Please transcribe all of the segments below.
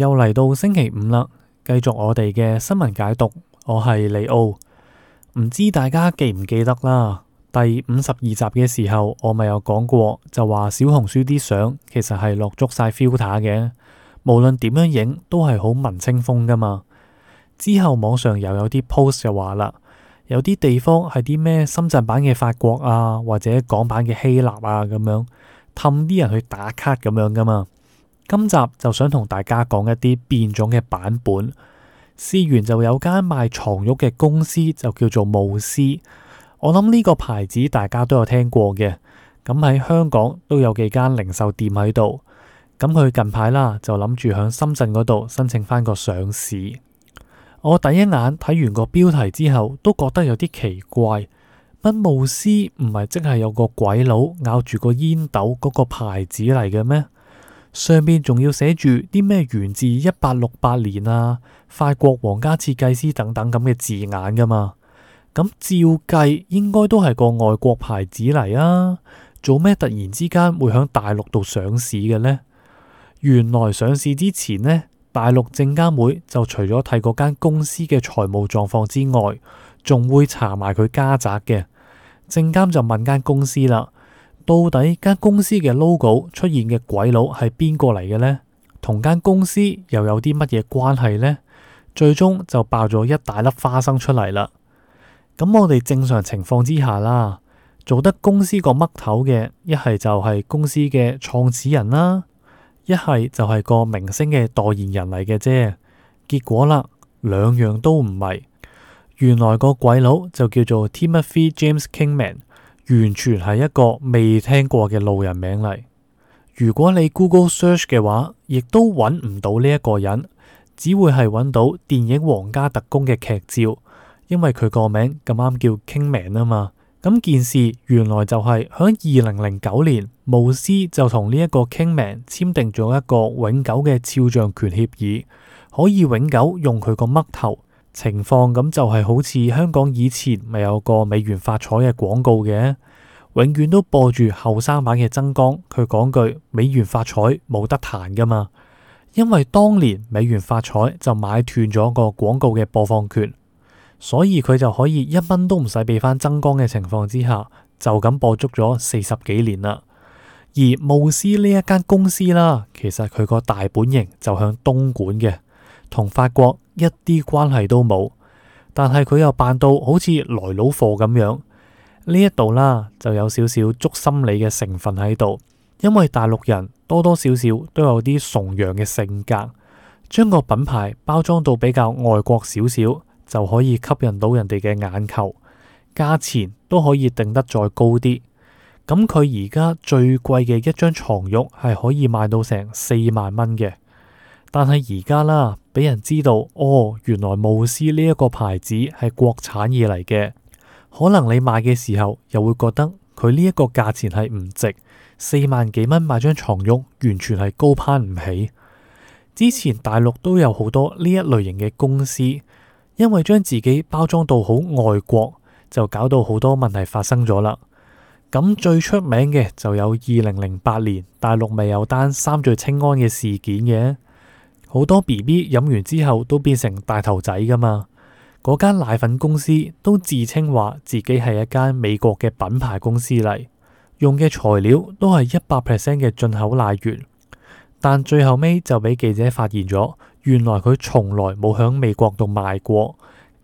又嚟到星期五啦，繼續我哋嘅新聞解讀。我係李奧，唔知大家記唔記得啦？第五十二集嘅時候，我咪有講過，就話小紅書啲相其實係落足晒 filter 嘅，無論點樣影都係好文青風噶嘛。之後網上又有啲 post 就話啦，有啲地方係啲咩深圳版嘅法國啊，或者港版嘅希臘啊咁樣，氹啲人去打卡咁樣噶嘛。今集就想同大家講一啲變種嘅版本。事源就有間賣床褥嘅公司，就叫做慕思。我諗呢個牌子大家都有聽過嘅，咁喺香港都有幾間零售店喺度。咁佢近排啦，就諗住喺深圳嗰度申請返個上市。我第一眼睇完個標題之後，都覺得有啲奇怪。乜慕思唔係即係有個鬼佬咬住個煙斗嗰個牌子嚟嘅咩？上面仲要寫住啲咩源自一八六八年啊，法國皇家設計師等等咁嘅字眼噶嘛？咁照計應該都係個外國牌子嚟啊，做咩突然之間會響大陸度上市嘅呢？原來上市之前呢，大陸證監會就除咗睇嗰間公司嘅財務狀況之外，仲會查埋佢家宅嘅。證監就問間公司啦。到底間公司嘅 logo 出現嘅鬼佬係邊個嚟嘅呢？同間公司又有啲乜嘢關係呢？最終就爆咗一大粒花生出嚟啦！咁我哋正常情況之下啦，做得公司個嘜頭嘅，一係就係公司嘅創始人啦，一係就係個明星嘅代言人嚟嘅啫。結果啦，兩樣都唔係，原來個鬼佬就叫做 Timothy James Kingman。完全係一個未聽過嘅路人名嚟。如果你 Google search 嘅話，亦都揾唔到呢一個人，只會係揾到電影《皇家特工》嘅劇照，因為佢個名咁啱叫 Kingman 啊嘛。咁件事原來就係喺二零零九年，慕思就同呢一個 Kingman 簽訂咗一個永久嘅肖像權協議，可以永久用佢個嘜頭。情況咁就係好似香港以前咪有個美源發彩嘅廣告嘅，永遠都播住後生版嘅曾江，佢講句美源發彩冇得彈㗎嘛，因為當年美源發彩就買斷咗個廣告嘅播放權，所以佢就可以一蚊都唔使俾翻曾江嘅情況之下，就咁播足咗四十幾年啦。而慕思呢一間公司啦，其實佢個大本營就向東莞嘅，同法國。一啲關係都冇，但係佢又扮到好似來佬貨咁樣，呢一度啦就有少少捉心理嘅成分喺度，因為大陸人多多少少都有啲崇洋嘅性格，將個品牌包裝到比較外國少少，就可以吸引到人哋嘅眼球，價錢都可以定得再高啲。咁佢而家最貴嘅一張床褥係可以賣到成四萬蚊嘅。但係而家啦，俾人知道哦，原來慕思呢一個牌子係國產嘢嚟嘅。可能你買嘅時候又會覺得佢呢一個價錢係唔值四萬幾蚊買張床褥，完全係高攀唔起。之前大陸都有好多呢一類型嘅公司，因為將自己包裝到好外國，就搞到好多問題發生咗啦。咁最出名嘅就有二零零八年大陸咪有單三聚氰胺嘅事件嘅。好多 BB 飲完之後都變成大頭仔㗎嘛？嗰間奶粉公司都自稱話自己係一間美國嘅品牌公司嚟，用嘅材料都係一百 percent 嘅進口奶源，但最後尾就俾記者發現咗，原來佢從來冇響美國度賣過，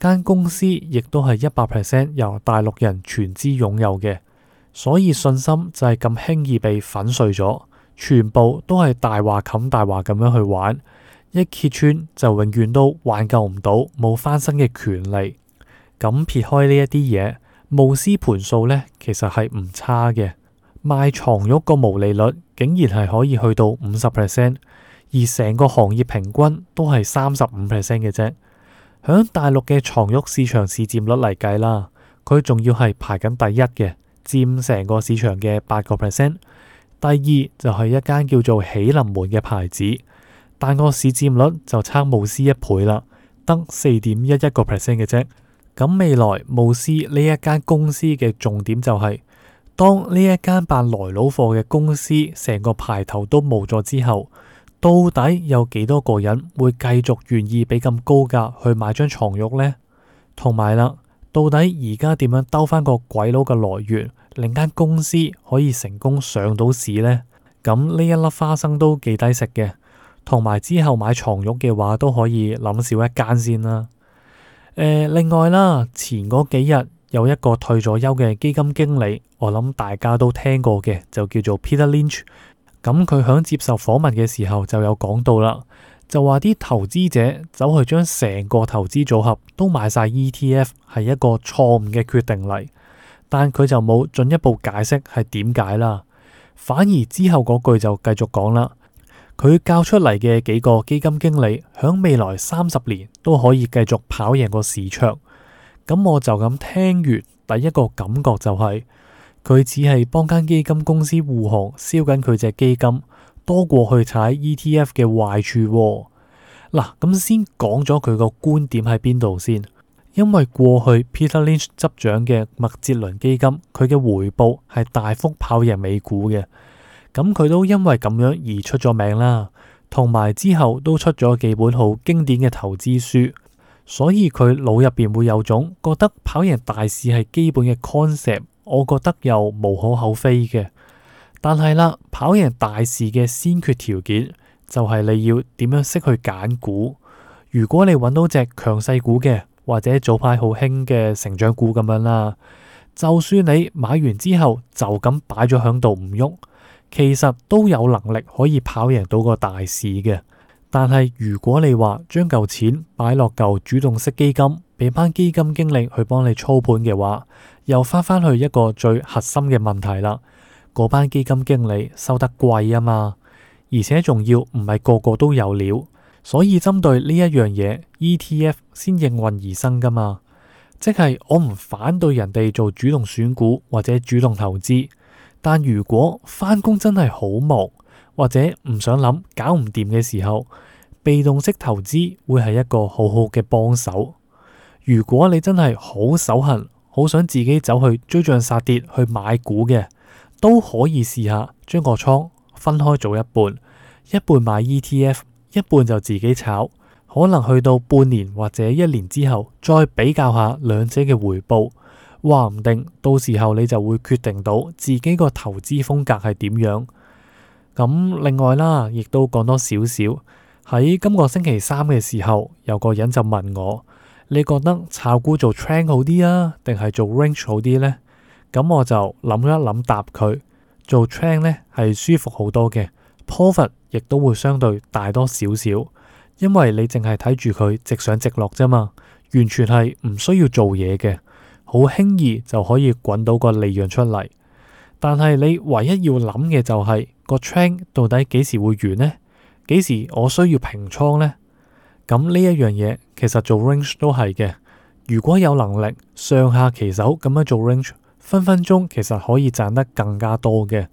間公司亦都係一百 percent 由大陸人全資擁有嘅，所以信心就係咁輕易被粉碎咗，全部都係大話冚大話咁樣去玩。一揭穿就永遠都挽救唔到，冇翻身嘅權利。咁撇開呢一啲嘢，慕斯盤數呢，其實係唔差嘅。賣床褥個毛利率竟然係可以去到五十 percent，而成個行業平均都係三十五 percent 嘅啫。喺大陸嘅床褥市場市佔率嚟計啦，佢仲要係排緊第一嘅，佔成個市場嘅八個 percent。第二就係一間叫做喜臨門嘅牌子。但個市佔率就差慕斯一倍啦，得四點一一個 percent 嘅啫。咁未來慕斯呢一間公司嘅重點就係、是，當呢一間辦來佬貨嘅公司成個牌頭都冇咗之後，到底有幾多個人會繼續願意俾咁高價去買張床褥呢？同埋啦，到底而家點樣兜翻個鬼佬嘅來源，令一間公司可以成功上到市呢？咁呢一粒花生都幾低食嘅。同埋之後買床褥嘅話都可以諗少一間先啦。誒，另外啦，前嗰幾日有一個退咗休嘅基金經理，我諗大家都聽過嘅，就叫做 Peter Lynch。咁佢響接受訪問嘅時候就有講到啦，就話啲投資者走去將成個投資組合都買晒 ETF 係一個錯誤嘅決定嚟，但佢就冇進一步解釋係點解啦，反而之後嗰句就繼續講啦。佢教出嚟嘅幾個基金經理，響未來三十年都可以繼續跑贏個市場。咁我就咁聽完，第一個感覺就係、是、佢只係幫間基金公司護航，燒緊佢隻基金，多過去踩 ETF 嘅壞處。哦。嗱、啊，咁先講咗佢個觀點喺邊度先，因為過去 Peter Lynch 執掌嘅麥哲倫基金，佢嘅回報係大幅跑贏美股嘅。咁佢都因為咁樣而出咗名啦，同埋之後都出咗幾本好經典嘅投資書，所以佢腦入邊會有種覺得跑贏大市係基本嘅 concept。我覺得又無可厚非嘅，但係啦，跑贏大市嘅先決條件就係你要點樣識去揀股。如果你揾到隻強勢股嘅，或者早排好興嘅成長股咁樣啦，就算你買完之後就咁擺咗響度唔喐，其實都有能力可以跑贏到個大市嘅，但係如果你話將嚿錢擺落嚿主動式基金，俾班基金經理去幫你操盤嘅話，又翻返去一個最核心嘅問題啦。嗰班基金經理收得貴啊嘛，而且仲要唔係個個都有料，所以針對呢一樣嘢，ETF 先應運而生噶嘛。即係我唔反對人哋做主動選股或者主動投資。但如果返工真係好忙，或者唔想諗、搞唔掂嘅時候，被動式投資會係一個好好嘅幫手。如果你真係好手痕，好想自己走去追漲殺跌去買股嘅，都可以試下將個倉分開做一半，一半買 ETF，一半就自己炒。可能去到半年或者一年之後，再比較下兩者嘅回報。話唔定到時候你就會決定到自己個投資風格係點樣。咁、嗯、另外啦，亦都講多少少喺今個星期三嘅時候，有個人就問我，你覺得炒股做 trend 好啲啊，定係做 range 好啲呢？嗯，咁我就諗一諗，答佢做 trend 呢係舒服好多嘅，profit 亦都會相對大多少少，因為你淨係睇住佢直上直落啫嘛，完全係唔需要做嘢嘅。好輕易就可以滾到個利潤出嚟，但係你唯一要諗嘅就係個 trend 到底幾時會完呢？幾時我需要平倉呢？咁呢一樣嘢其實做 range 都係嘅。如果有能力上下其手咁樣做 range，分分鐘其實可以賺得更加多嘅。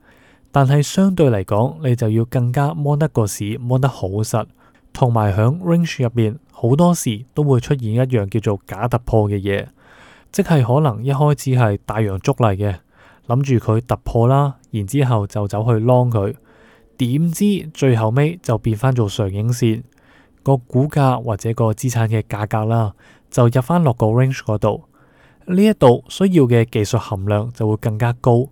但係相對嚟講，你就要更加 mon 得個市 mon 得好實，同埋喺 range 入邊好多時都會出現一樣叫做假突破嘅嘢。即係可能一開始係大陽燭嚟嘅，諗住佢突破啦，然之後就走去 long 佢，點知最後尾就變翻做上影線，個股價或者個資產嘅價格啦，就入翻落個 range 嗰度，呢一度需要嘅技術含量就會更加高，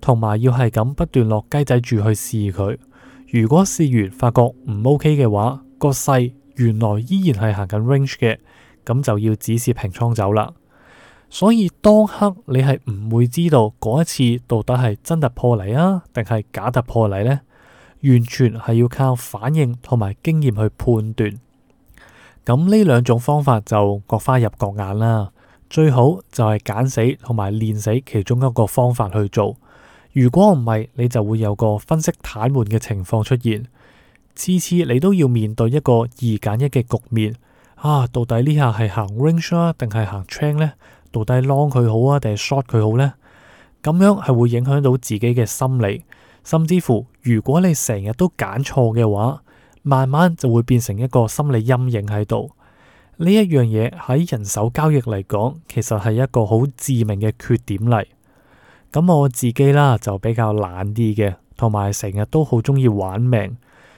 同埋要係咁不斷落雞仔住去試佢。如果試完發覺唔 ok 嘅話，個勢原來依然係行緊 range 嘅，咁就要止蝕平倉走啦。所以當刻你係唔會知道嗰一次到底係真突破嚟啊，定係假突破嚟呢？完全係要靠反應同埋經驗去判斷。咁呢兩種方法就各花入各眼啦。最好就係揀死同埋練死其中一個方法去做。如果唔係，你就會有個分析癱瘓嘅情況出現。次次你都要面對一個二揀一嘅局面啊！到底呢下係行 range 啊，定係行 train 呢？到底 long 佢好啊，定係 short 佢好咧？咁樣係會影響到自己嘅心理，甚至乎如果你成日都揀錯嘅話，慢慢就會變成一個心理陰影喺度。呢一樣嘢喺人手交易嚟講，其實係一個好致命嘅缺點嚟。咁、嗯、我自己啦就比較懶啲嘅，同埋成日都好中意玩命，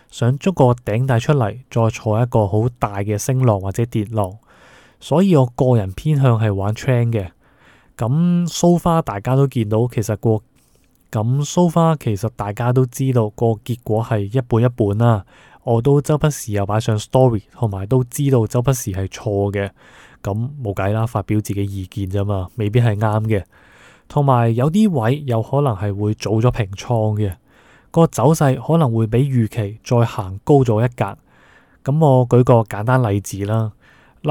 想捉個頂帶出嚟，再坐一個好大嘅升浪或者跌浪。所以我個人偏向係玩 train 嘅，咁 s o 蘇花大家都見到，其實個咁 s o 蘇花其實大家都知道個結果係一半一半啦。我都周不時又擺上 story，同埋都知道周不時係錯嘅，咁冇計啦，發表自己意見啫嘛，未必係啱嘅。同埋有啲位有可能係會早咗平倉嘅，個走勢可能會比預期再行高咗一格。咁我舉個簡單例子啦。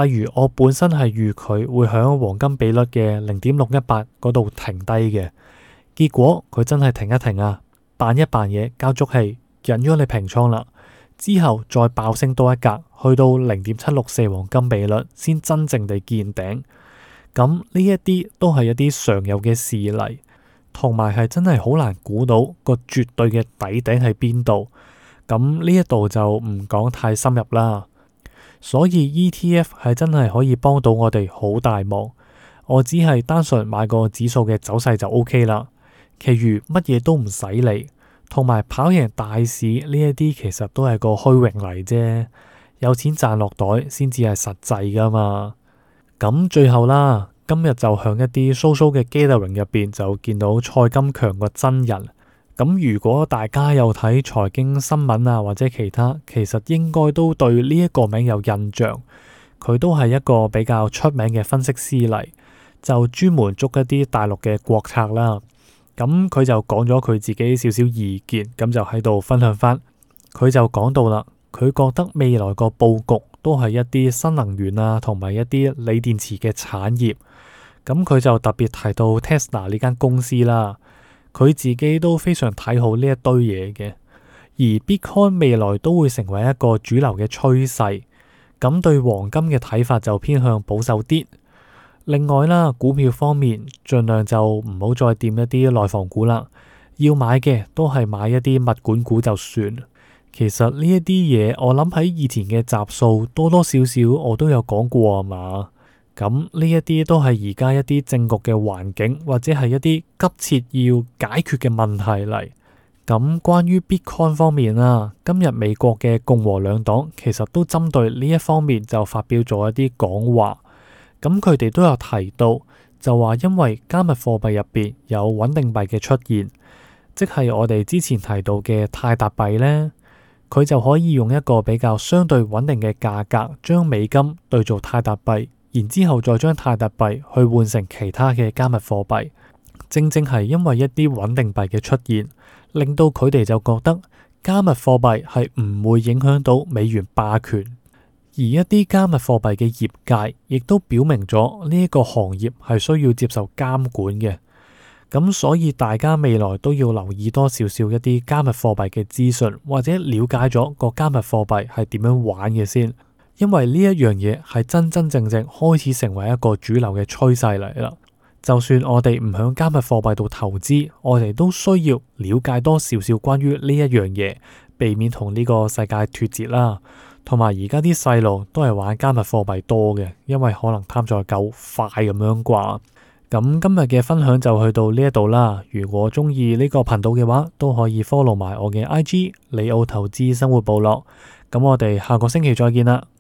例如我本身係預佢會響黃金比率嘅零點六一八嗰度停低嘅，結果佢真係停一停啊，扮一扮嘢，交足氣，引咗你平倉啦，之後再爆升多一格，去到零點七六四黃金比率先真正地見頂，咁呢一啲都係一啲常有嘅事例，同埋係真係好難估到個絕對嘅底頂喺邊度，咁呢一度就唔講太深入啦。所以 ETF 係真係可以幫到我哋好大忙。我只係單純買個指數嘅走勢就 OK 啦，其餘乜嘢都唔使理，同埋跑贏大市呢一啲其實都係個虛榮嚟啫。有錢賺落袋先至係實際噶嘛。咁最後啦，今日就響一啲 social 嘅 gathering 入邊就見到蔡金強個真人。咁如果大家有睇財經新聞啊或者其他，其實應該都對呢一個名有印象，佢都係一個比較出名嘅分析師嚟，就專門捉一啲大陸嘅國策啦。咁、嗯、佢就講咗佢自己少少意見，咁、嗯、就喺度分享翻。佢就講到啦，佢覺得未來個布局都係一啲新能源啊，同埋一啲鋰電池嘅產業。咁、嗯、佢就特別提到 Tesla 呢間公司啦。佢自己都非常睇好呢一堆嘢嘅，而 Bitcoin 未來都會成為一個主流嘅趨勢，咁對黃金嘅睇法就偏向保守啲。另外啦，股票方面盡量就唔好再掂一啲內房股啦，要買嘅都係買一啲物管股就算。其實呢一啲嘢我諗喺以前嘅集數多多少少我都有講過啊嘛。咁呢一啲都係而家一啲政局嘅環境，或者係一啲急切要解決嘅問題嚟。咁關於 Bitcoin 方面啦、啊，今日美國嘅共和兩黨其實都針對呢一方面就發表咗一啲講話。咁佢哋都有提到，就話因為加密貨幣入邊有穩定幣嘅出現，即係我哋之前提到嘅泰達幣呢，佢就可以用一個比較相對穩定嘅價格將美金兌做泰達幣。然之後再將泰特幣去換成其他嘅加密貨幣，正正係因為一啲穩定幣嘅出現，令到佢哋就覺得加密貨幣係唔會影響到美元霸權。而一啲加密貨幣嘅業界亦都表明咗呢個行業係需要接受監管嘅。咁所以大家未來都要留意多少少一啲加密貨幣嘅資訊，或者了解咗個加密貨幣係點樣玩嘅先。因為呢一樣嘢係真真正正開始成為一個主流嘅趨勢嚟啦。就算我哋唔響加密貨幣度投資，我哋都需要了解多少少關於呢一樣嘢，避免同呢個世界脫節啦。同埋而家啲細路都係玩加密貨幣多嘅，因為可能貪在夠快咁樣啩。咁今日嘅分享就去到呢一度啦。如果中意呢個頻道嘅話，都可以 follow 埋我嘅 I G 李奧投資生活部落。咁我哋下個星期再見啦。